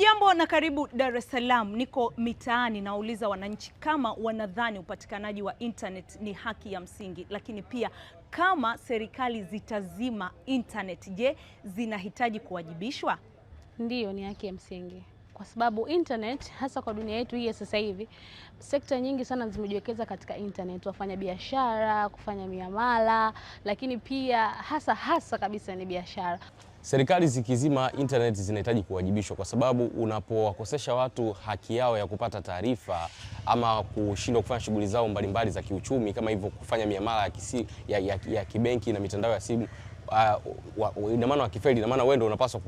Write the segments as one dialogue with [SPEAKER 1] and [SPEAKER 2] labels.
[SPEAKER 1] Hujambo na karibu Dar es Salaam. Niko mitaani nawauliza wananchi kama wanadhani upatikanaji wa internet ni haki ya msingi, lakini pia kama serikali zitazima internet, je, zinahitaji kuwajibishwa?
[SPEAKER 2] Ndiyo, ni haki ya msingi kwa sababu internet hasa kwa dunia yetu hii sasa hivi, sekta nyingi sana zimejiwekeza katika internet, wafanya biashara kufanya miamala, lakini pia hasa hasa kabisa ni biashara.
[SPEAKER 3] Serikali zikizima internet zinahitaji kuwajibishwa, kwa sababu unapowakosesha watu haki yao ya kupata taarifa ama kushindwa kufanya shughuli zao mbalimbali za kiuchumi, kama hivyo kufanya miamala ya, kisi, ya, ya, ya kibenki na mitandao ya simu, uh, ina maana wakifeli, ina maana wewe ndio unapaswa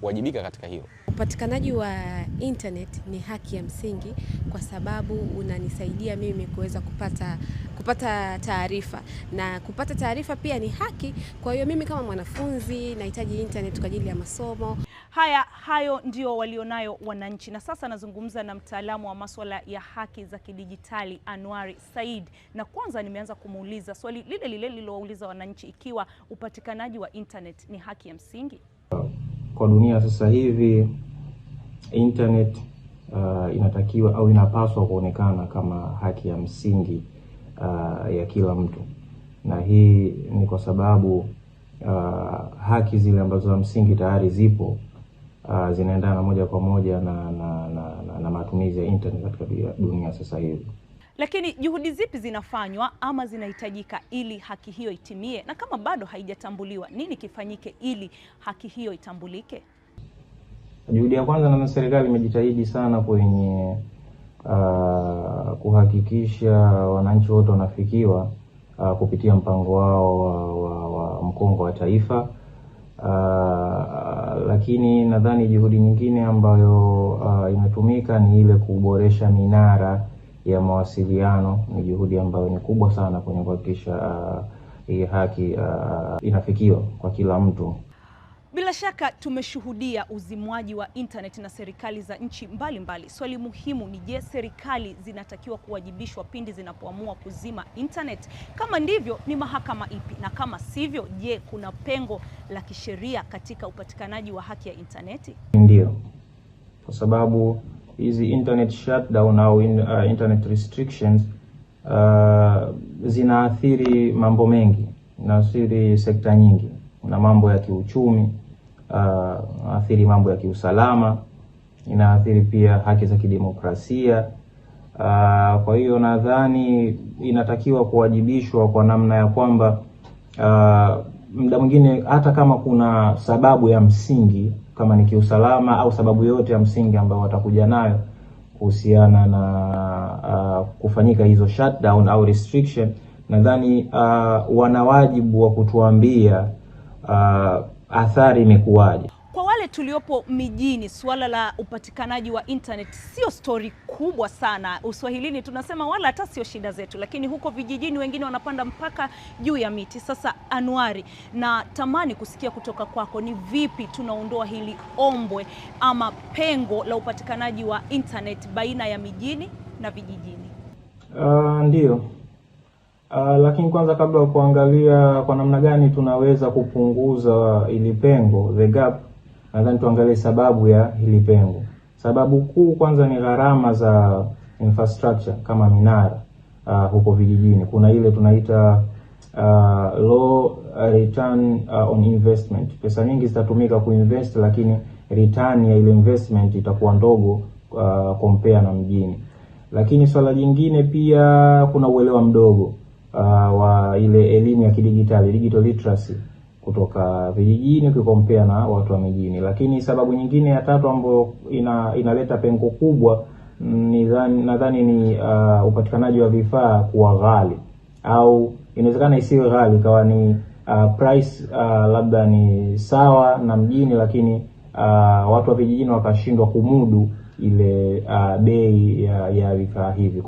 [SPEAKER 3] kuwajibika katika hiyo
[SPEAKER 2] Upatikanaji wa internet ni haki ya msingi kwa sababu unanisaidia mimi kuweza kupata kupata taarifa na kupata taarifa pia ni haki. Kwa hiyo mimi kama mwanafunzi nahitaji internet kwa ajili ya masomo.
[SPEAKER 1] Haya, hayo ndio walionayo wananchi. Na sasa nazungumza na mtaalamu wa masuala ya haki za kidijitali Anwari Said, na kwanza nimeanza kumuuliza swali lile lile lililowauliza wananchi, ikiwa upatikanaji wa internet ni haki ya msingi
[SPEAKER 4] kwa dunia sasa hivi. Internet uh, inatakiwa au inapaswa kuonekana kama haki ya msingi uh, ya kila mtu, na hii ni kwa sababu uh, haki zile ambazo za msingi tayari zipo uh, zinaendana moja kwa moja na, na, na, na, na matumizi ya internet katika dunia sasa hivi.
[SPEAKER 1] Lakini juhudi zipi zinafanywa ama zinahitajika ili haki hiyo itimie, na kama bado haijatambuliwa, nini kifanyike ili haki hiyo itambulike?
[SPEAKER 4] Juhudi ya kwanza, na serikali imejitahidi sana kwenye uh, kuhakikisha wananchi wote wanafikiwa uh, kupitia mpango wao wa, wa, wa mkongo wa taifa Uh, lakini nadhani juhudi nyingine ambayo uh, imetumika ni ile kuboresha minara ya mawasiliano. Ni juhudi ambayo ni kubwa sana kwenye kuhakikisha uh, hii haki uh, inafikiwa kwa kila mtu.
[SPEAKER 1] Bila shaka tumeshuhudia uzimwaji wa internet na serikali za nchi mbalimbali mbali. Swali muhimu ni je, serikali zinatakiwa kuwajibishwa pindi zinapoamua kuzima internet? Kama ndivyo, ni mahakama ipi? Na kama sivyo, je, kuna pengo la kisheria katika upatikanaji wa haki ya intaneti?
[SPEAKER 4] Ndiyo, kwa sababu hizi internet shutdown au in, uh, internet restrictions uh, zinaathiri mambo mengi, inaathiri sekta nyingi na mambo ya kiuchumi Uh, athiri mambo ya kiusalama, inaathiri pia haki za kidemokrasia. Uh, kwa hiyo nadhani inatakiwa kuwajibishwa kwa namna ya kwamba uh, mda mwingine hata kama kuna sababu ya msingi kama ni kiusalama au sababu yoyote ya msingi ambayo watakuja nayo kuhusiana na uh, kufanyika hizo shutdown au restriction, nadhani uh, wana wajibu wa kutuambia uh, athari imekuwaje?
[SPEAKER 1] Kwa wale tuliopo mijini, suala la upatikanaji wa internet sio stori kubwa sana. Uswahilini tunasema wala hata sio shida zetu, lakini huko vijijini wengine wanapanda mpaka juu ya miti. Sasa Anuari, na tamani kusikia kutoka kwako, ni vipi tunaondoa hili ombwe ama pengo la upatikanaji wa internet baina ya mijini na vijijini?
[SPEAKER 4] Uh, ndio Uh, lakini kwanza kabla ya kuangalia kwa namna gani tunaweza kupunguza ili pengo the gap, nadhani tuangalie sababu ya ili pengo. Sababu kuu kwanza ni gharama za infrastructure kama minara uh, huko vijijini kuna ile tunaita uh, low return uh, on investment. Pesa nyingi zitatumika kuinvest, lakini return ya ile investment itakuwa ndogo uh, compare na mjini. Lakini swala jingine pia kuna uelewa mdogo uh, wa ile elimu ya kidigitali digital literacy kutoka vijijini ukikompea na watu wa mijini. Lakini sababu nyingine ya tatu ambayo ina, inaleta pengo kubwa mm, nadhani ni uh, upatikanaji wa vifaa kuwa ghali au inawezekana isiwe ghali ikawa ni uh, price uh, labda ni sawa na mjini, lakini uh, watu wa vijijini wakashindwa kumudu ile uh, bei ya, ya vifaa hivi.